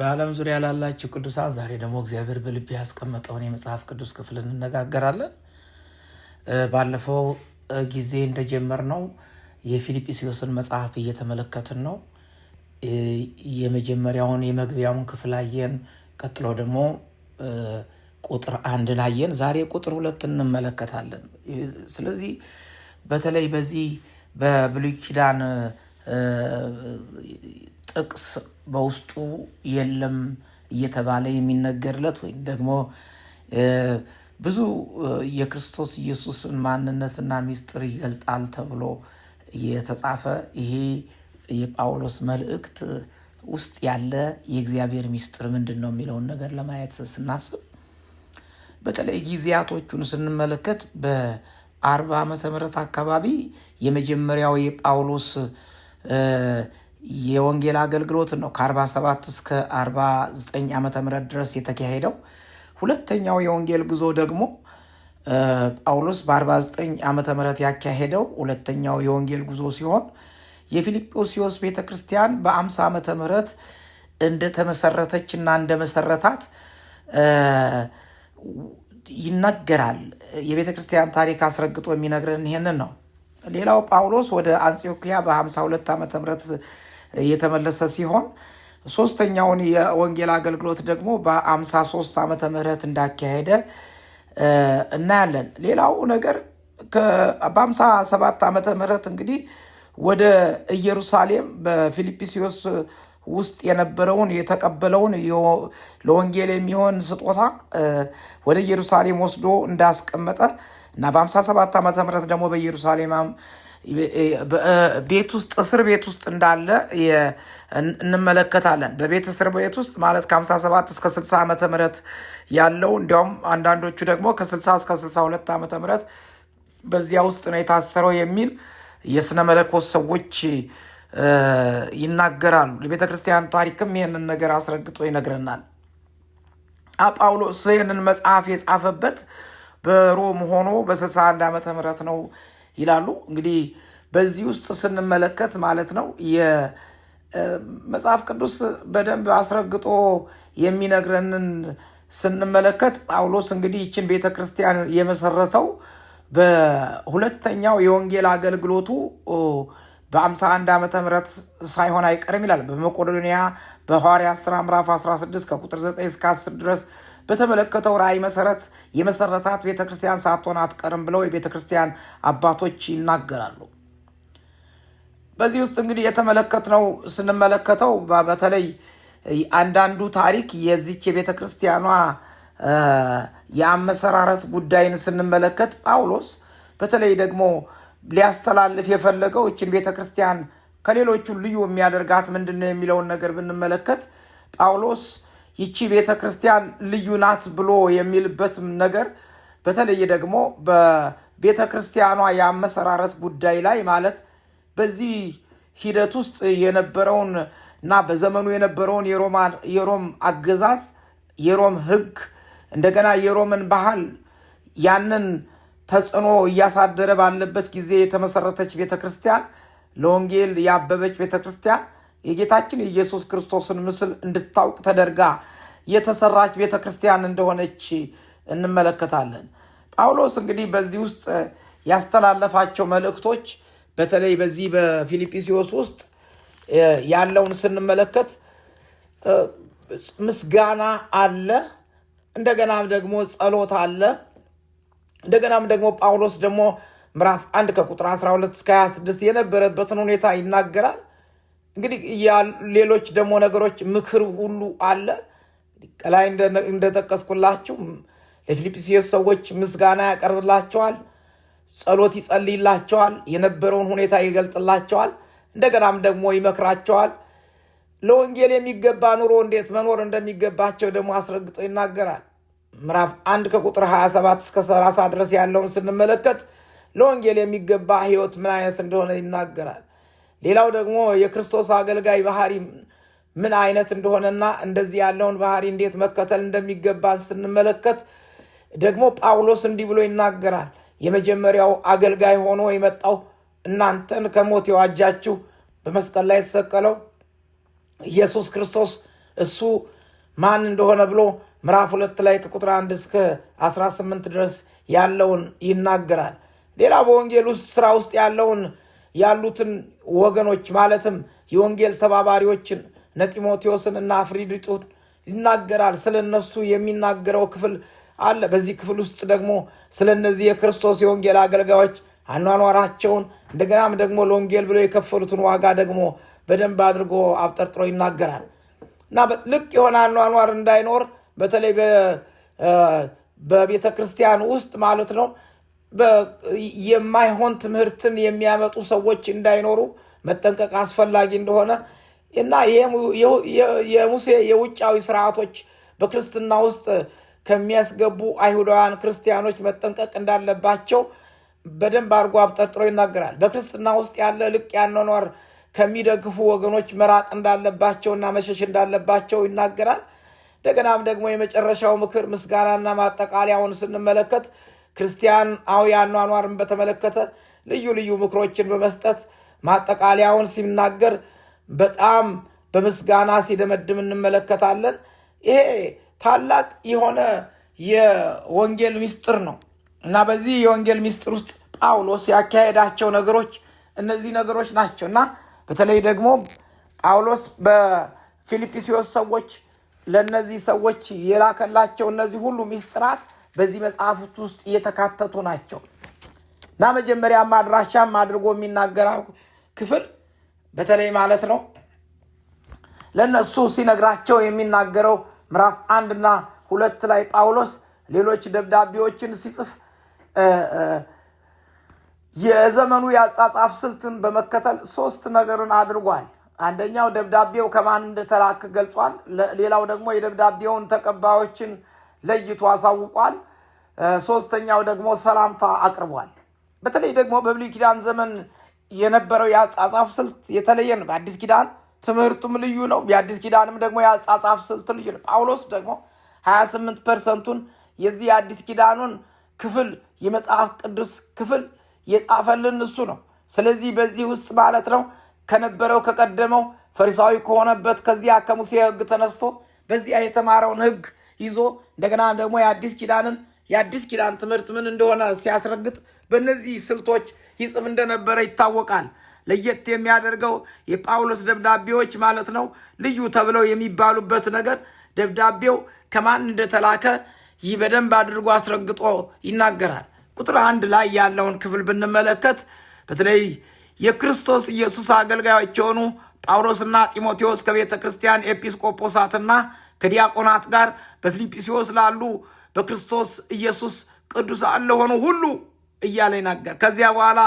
በዓለም ዙሪያ ላላችሁ ቅዱሳን ዛሬ ደግሞ እግዚአብሔር በልቤ ያስቀመጠውን የመጽሐፍ ቅዱስ ክፍል እንነጋገራለን። ባለፈው ጊዜ እንደጀመርነው የፊልጵስዩስን መጽሐፍ እየተመለከትን ነው። የመጀመሪያውን የመግቢያውን ክፍል አየን። ቀጥሎ ደግሞ ቁጥር አንድን አየን። ዛሬ ቁጥር ሁለት እንመለከታለን። ስለዚህ በተለይ በዚህ በብሉይ ኪዳን ጥቅስ በውስጡ የለም እየተባለ የሚነገርለት ወይም ደግሞ ብዙ የክርስቶስ ኢየሱስን ማንነትና ሚስጥር ይገልጣል ተብሎ የተጻፈ ይሄ የጳውሎስ መልእክት ውስጥ ያለ የእግዚአብሔር ሚስጥር ምንድን ነው የሚለውን ነገር ለማየት ስናስብ በተለይ ጊዜያቶቹን ስንመለከት በአርባ ዓመተ ምህረት አካባቢ የመጀመሪያው የጳውሎስ የወንጌል አገልግሎት ነው ከ47 እስከ 49 ዓ ም ድረስ የተካሄደው። ሁለተኛው የወንጌል ጉዞ ደግሞ ጳውሎስ በ49 ዓ ምህረት ያካሄደው ሁለተኛው የወንጌል ጉዞ ሲሆን የፊልጵስዩስ ቤተ ክርስቲያን በ50 ዓመተ ምህረት እንደተመሰረተችና እንደመሰረታት ይነገራል። የቤተ ክርስቲያን ታሪክ አስረግጦ የሚነግረን ይሄንን ነው። ሌላው ጳውሎስ ወደ አንጾኪያ በ52 ዓ ም የተመለሰ ሲሆን ሶስተኛውን የወንጌል አገልግሎት ደግሞ በ53 ዓመተ ምህረት እንዳካሄደ እናያለን። ሌላው ነገር በ57 ዓመተ ምህረት እንግዲህ ወደ ኢየሩሳሌም በፊልጵስዩስ ውስጥ የነበረውን የተቀበለውን ለወንጌል የሚሆን ስጦታ ወደ ኢየሩሳሌም ወስዶ እንዳስቀመጠ እና በ57 ዓመተ ምህረት ደግሞ በኢየሩሳሌም ቤት ውስጥ እስር ቤት ውስጥ እንዳለ እንመለከታለን። በቤት እስር ቤት ውስጥ ማለት ከ57 እስከ 60 ዓመተ ምህረት ያለው እንዲያውም አንዳንዶቹ ደግሞ ከ60 እስከ 62 ዓመተ ምህረት በዚያ ውስጥ ነው የታሰረው የሚል የስነ መለኮት ሰዎች ይናገራሉ። የቤተ ክርስቲያን ታሪክም ይህንን ነገር አስረግጦ ይነግረናል። ጳውሎስ ይህንን መጽሐፍ የጻፈበት በሮም ሆኖ በ61 ዓመተ ምህረት ነው ይላሉ። እንግዲህ በዚህ ውስጥ ስንመለከት ማለት ነው የመጽሐፍ ቅዱስ በደንብ አስረግጦ የሚነግረንን ስንመለከት ጳውሎስ እንግዲህ ይችን ቤተ ክርስቲያን የመሰረተው በሁለተኛው የወንጌል አገልግሎቱ በ51 ዓመተ ምህረት ሳይሆን አይቀርም ይላል። በመቄዶንያ በሐዋርያት ሥራ ምዕራፍ 16 ከቁጥር 9 እስከ 10 ድረስ በተመለከተው ራእይ መሰረት የመሰረታት ቤተ ክርስቲያን ሳትሆን አትቀርም ብለው የቤተ ክርስቲያን አባቶች ይናገራሉ። በዚህ ውስጥ እንግዲህ የተመለከትነው ስንመለከተው በተለይ አንዳንዱ ታሪክ የዚች የቤተ ክርስቲያኗ የአመሰራረት ጉዳይን ስንመለከት ጳውሎስ በተለይ ደግሞ ሊያስተላልፍ የፈለገው ይችን ቤተ ክርስቲያን ከሌሎቹ ልዩ የሚያደርጋት ምንድን ነው የሚለውን ነገር ብንመለከት ጳውሎስ ይቺ ቤተ ክርስቲያን ልዩ ናት ብሎ የሚልበትም ነገር በተለይ ደግሞ በቤተ ክርስቲያኗ የአመሰራረት ጉዳይ ላይ ማለት በዚህ ሂደት ውስጥ የነበረውን እና በዘመኑ የነበረውን የሮም አገዛዝ፣ የሮም ህግ እንደገና የሮምን ባህል ያንን ተጽዕኖ እያሳደረ ባለበት ጊዜ የተመሰረተች ቤተ ክርስቲያን ለወንጌል ያበበች ቤተ ክርስቲያን የጌታችን የኢየሱስ ክርስቶስን ምስል እንድታውቅ ተደርጋ የተሰራች ቤተ ክርስቲያን እንደሆነች እንመለከታለን። ጳውሎስ እንግዲህ በዚህ ውስጥ ያስተላለፋቸው መልእክቶች በተለይ በዚህ በፊልጵስዎስ ውስጥ ያለውን ስንመለከት ምስጋና አለ፣ እንደገናም ደግሞ ጸሎት አለ። እንደገናም ደግሞ ጳውሎስ ደግሞ ምራፍ አንድ ከቁጥር 12 እስከ 26 የነበረበትን ሁኔታ ይናገራል። እንግዲህ ሌሎች ደግሞ ነገሮች ምክር ሁሉ አለ። ከላይ እንደጠቀስኩላችሁ ለፊልጵስዩስ ሰዎች ምስጋና ያቀርብላቸዋል፣ ጸሎት ይጸልይላቸዋል፣ የነበረውን ሁኔታ ይገልጥላቸዋል፣ እንደገናም ደግሞ ይመክራቸዋል። ለወንጌል የሚገባ ኑሮ እንዴት መኖር እንደሚገባቸው ደግሞ አስረግጦ ይናገራል። ምዕራፍ አንድ ከቁጥር 27 እስከ 30 ድረስ ያለውን ስንመለከት ለወንጌል የሚገባ ሕይወት ምን አይነት እንደሆነ ይናገራል። ሌላው ደግሞ የክርስቶስ አገልጋይ ባህሪ ምን አይነት እንደሆነና እንደዚህ ያለውን ባህሪ እንዴት መከተል እንደሚገባን ስንመለከት ደግሞ ጳውሎስ እንዲህ ብሎ ይናገራል። የመጀመሪያው አገልጋይ ሆኖ የመጣው እናንተን ከሞት የዋጃችሁ በመስቀል ላይ የተሰቀለው ኢየሱስ ክርስቶስ እሱ ማን እንደሆነ ብሎ ምዕራፍ ሁለት ላይ ከቁጥር አንድ እስከ 18 ድረስ ያለውን ይናገራል። ሌላ በወንጌል ውስጥ ስራ ውስጥ ያለውን ያሉትን ወገኖች ማለትም የወንጌል ተባባሪዎችን እነ ጢሞቴዎስን እና ይናገራል። ስለ እነሱ የሚናገረው ክፍል አለ። በዚህ ክፍል ውስጥ ደግሞ ስለ እነዚህ የክርስቶስ የወንጌል አገልጋዮች አኗኗራቸውን እንደገናም ደግሞ ለወንጌል ብለው የከፈሉትን ዋጋ ደግሞ በደንብ አድርጎ አብጠርጥሮ ይናገራል እና ልቅ የሆነ አኗኗር እንዳይኖር በተለይ በቤተ ክርስቲያን ውስጥ ማለት ነው የማይሆን ትምህርትን የሚያመጡ ሰዎች እንዳይኖሩ መጠንቀቅ አስፈላጊ እንደሆነ እና የሙሴ የውጫዊ ስርዓቶች በክርስትና ውስጥ ከሚያስገቡ አይሁዳውያን ክርስቲያኖች መጠንቀቅ እንዳለባቸው በደንብ አድርጎ አብጠርጥሮ ይናገራል። በክርስትና ውስጥ ያለ ልቅ ያኗኗር ከሚደግፉ ወገኖች መራቅ እንዳለባቸው እና መሸሽ እንዳለባቸው ይናገራል። እንደገናም ደግሞ የመጨረሻው ምክር ምስጋናና ማጠቃለያውን ስንመለከት ክርስቲያናዊ አኗኗርን በተመለከተ ልዩ ልዩ ምክሮችን በመስጠት ማጠቃለያውን ሲናገር በጣም በምስጋና ሲደመድም እንመለከታለን። ይሄ ታላቅ የሆነ የወንጌል ሚስጥር ነው እና በዚህ የወንጌል ሚስጥር ውስጥ ጳውሎስ ያካሄዳቸው ነገሮች እነዚህ ነገሮች ናቸው እና በተለይ ደግሞ ጳውሎስ በፊልጵስዩስ ሰዎች ለእነዚህ ሰዎች የላከላቸው እነዚህ ሁሉ ሚስጥራት በዚህ መጽሐፍት ውስጥ እየተካተቱ ናቸው እና መጀመሪያ አድራሻም አድርጎ የሚናገራ ክፍል በተለይ ማለት ነው ለእነሱ ሲነግራቸው የሚናገረው ምዕራፍ አንድና ሁለት ላይ ጳውሎስ ሌሎች ደብዳቤዎችን ሲጽፍ የዘመኑ የአጻጻፍ ስልትን በመከተል ሶስት ነገርን አድርጓል። አንደኛው ደብዳቤው ከማን እንደተላክ ገልጿል። ሌላው ደግሞ የደብዳቤውን ተቀባዮችን ለይቶ አሳውቋል። ሶስተኛው ደግሞ ሰላምታ አቅርቧል። በተለይ ደግሞ በብሉይ ኪዳን ዘመን የነበረው የአጻጻፍ ስልት የተለየ ነው። በአዲስ ኪዳን ትምህርቱም ልዩ ነው። የአዲስ ኪዳንም ደግሞ የአጻጻፍ ስልት ልዩ ነው። ጳውሎስ ደግሞ 28 ፐርሰንቱን የዚህ የአዲስ ኪዳኑን ክፍል የመጽሐፍ ቅዱስ ክፍል የጻፈልን እሱ ነው። ስለዚህ በዚህ ውስጥ ማለት ነው ከነበረው ከቀደመው ፈሪሳዊ ከሆነበት ከዚያ ከሙሴ ሕግ ተነስቶ በዚያ የተማረውን ሕግ ይዞ እንደገና ደግሞ የአዲስ ኪዳንን የአዲስ ኪዳን ትምህርት ምን እንደሆነ ሲያስረግጥ በእነዚህ ስልቶች ይጽፍ እንደነበረ ይታወቃል። ለየት የሚያደርገው የጳውሎስ ደብዳቤዎች ማለት ነው ልዩ ተብለው የሚባሉበት ነገር ደብዳቤው ከማን እንደተላከ ይህ በደንብ አድርጎ አስረግጦ ይናገራል። ቁጥር አንድ ላይ ያለውን ክፍል ብንመለከት በተለይ የክርስቶስ ኢየሱስ አገልጋዮች የሆኑ ጳውሎስና ጢሞቴዎስ ከቤተ ክርስቲያን ኤጲስቆጶሳትና ከዲያቆናት ጋር በፊልጵስዎስ ላሉ በክርስቶስ ኢየሱስ ቅዱሳን ለሆኑ ሁሉ እያለ ይናገር። ከዚያ በኋላ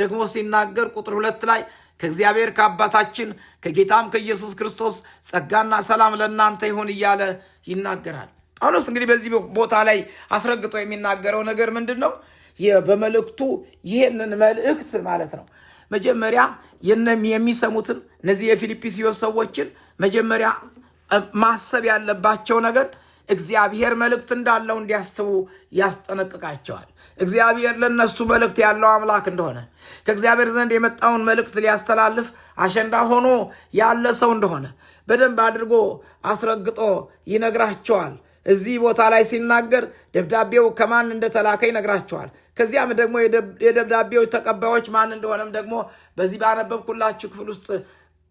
ደግሞ ሲናገር ቁጥር ሁለት ላይ ከእግዚአብሔር ከአባታችን ከጌታም ከኢየሱስ ክርስቶስ ጸጋና ሰላም ለእናንተ ይሁን እያለ ይናገራል። ጳውሎስ እንግዲህ በዚህ ቦታ ላይ አስረግጦ የሚናገረው ነገር ምንድን ነው? በመልእክቱ ይህንን መልእክት ማለት ነው መጀመሪያ የሚሰሙትን እነዚህ የፊልጵስዮስ ሰዎችን መጀመሪያ ማሰብ ያለባቸው ነገር እግዚአብሔር መልእክት እንዳለው እንዲያስቡ ያስጠነቅቃቸዋል። እግዚአብሔር ለነሱ መልእክት ያለው አምላክ እንደሆነ ከእግዚአብሔር ዘንድ የመጣውን መልእክት ሊያስተላልፍ አሸንዳ ሆኖ ያለ ሰው እንደሆነ በደንብ አድርጎ አስረግጦ ይነግራቸዋል። እዚህ ቦታ ላይ ሲናገር ደብዳቤው ከማን እንደተላከ ይነግራቸዋል። ከዚያም ደግሞ የደብዳቤው ተቀባዮች ማን እንደሆነም ደግሞ በዚህ ባነበብኩላችሁ ክፍል ውስጥ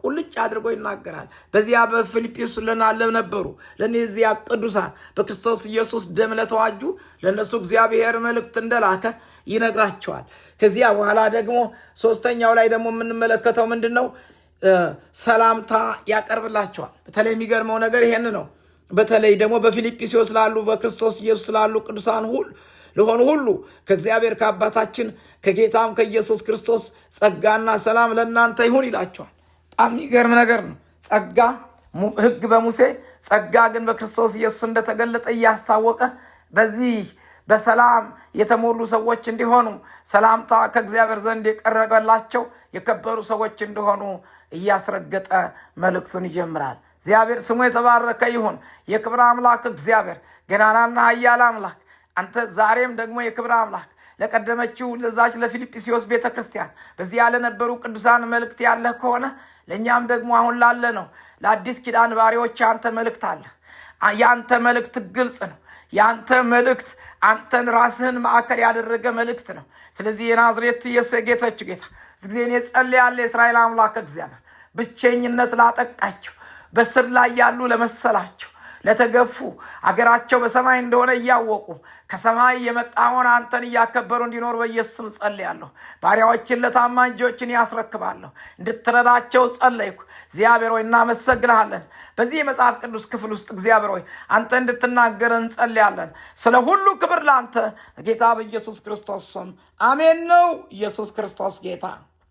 ቁልጭ አድርጎ ይናገራል። በዚያ በፊልጵስ ለናለ ነበሩ እዚያ ቅዱሳን በክርስቶስ ኢየሱስ ደም ለተዋጁ ለእነሱ እግዚአብሔር መልእክት እንደላከ ይነግራቸዋል። ከዚያ በኋላ ደግሞ ሶስተኛው ላይ ደግሞ የምንመለከተው ምንድን ነው? ሰላምታ ያቀርብላቸዋል። በተለይ የሚገርመው ነገር ይሄን ነው። በተለይ ደግሞ በፊልጵስዎስ ላሉ በክርስቶስ ኢየሱስ ላሉ ቅዱሳን ሁሉ ለሆኑ ሁሉ ከእግዚአብሔር ከአባታችን ከጌታም ከኢየሱስ ክርስቶስ ጸጋና ሰላም ለእናንተ ይሁን ይላቸዋል። በጣም የሚገርም ነገር ነው። ጸጋ ህግ በሙሴ ጸጋ ግን በክርስቶስ ኢየሱስ እንደተገለጠ እያስታወቀ በዚህ በሰላም የተሞሉ ሰዎች እንዲሆኑ ሰላምታ ከእግዚአብሔር ዘንድ የቀረበላቸው የከበሩ ሰዎች እንደሆኑ እያስረገጠ መልእክቱን ይጀምራል። እግዚአብሔር ስሙ የተባረከ ይሁን። የክብር አምላክ እግዚአብሔር ገናናና ኃያል አምላክ አንተ ዛሬም ደግሞ የክብር አምላክ ለቀደመችው ለዛች ለፊልጵስዩስ ቤተ ክርስቲያን በዚያ ለነበሩ ቅዱሳን መልእክት ያለህ ከሆነ ለእኛም ደግሞ አሁን ላለ ነው ለአዲስ ኪዳን ባሪዎች የአንተ መልእክት አለ። የአንተ መልእክት ግልጽ ነው። የአንተ መልእክት አንተን ራስህን ማዕከል ያደረገ መልእክት ነው። ስለዚህ የናዝሬቱ ኢየሱስ ጌታ ጊዜ እኔ ጸልያለሁ። የእስራኤል አምላክ እግዚአብሔር ብቸኝነት ላጠቃቸው በስር ላይ ያሉ ለመሰላቸው ለተገፉ አገራቸው በሰማይ እንደሆነ እያወቁ ከሰማይ የመጣውን አንተን እያከበሩ በኢየሱስ በኢየሱስም ጸልያለሁ። ባሪያዎችን ለታማኝ እጆችን ያስረክባለሁ እንድትረዳቸው ጸለይኩ። እግዚአብሔር ሆይ እናመሰግንሃለን። በዚህ የመጽሐፍ ቅዱስ ክፍል ውስጥ እግዚአብሔር ሆይ አንተ እንድትናገር እንጸልያለን። ስለ ሁሉ ክብር ለአንተ ጌታ በኢየሱስ ክርስቶስ ስም አሜን። ነው ኢየሱስ ክርስቶስ ጌታ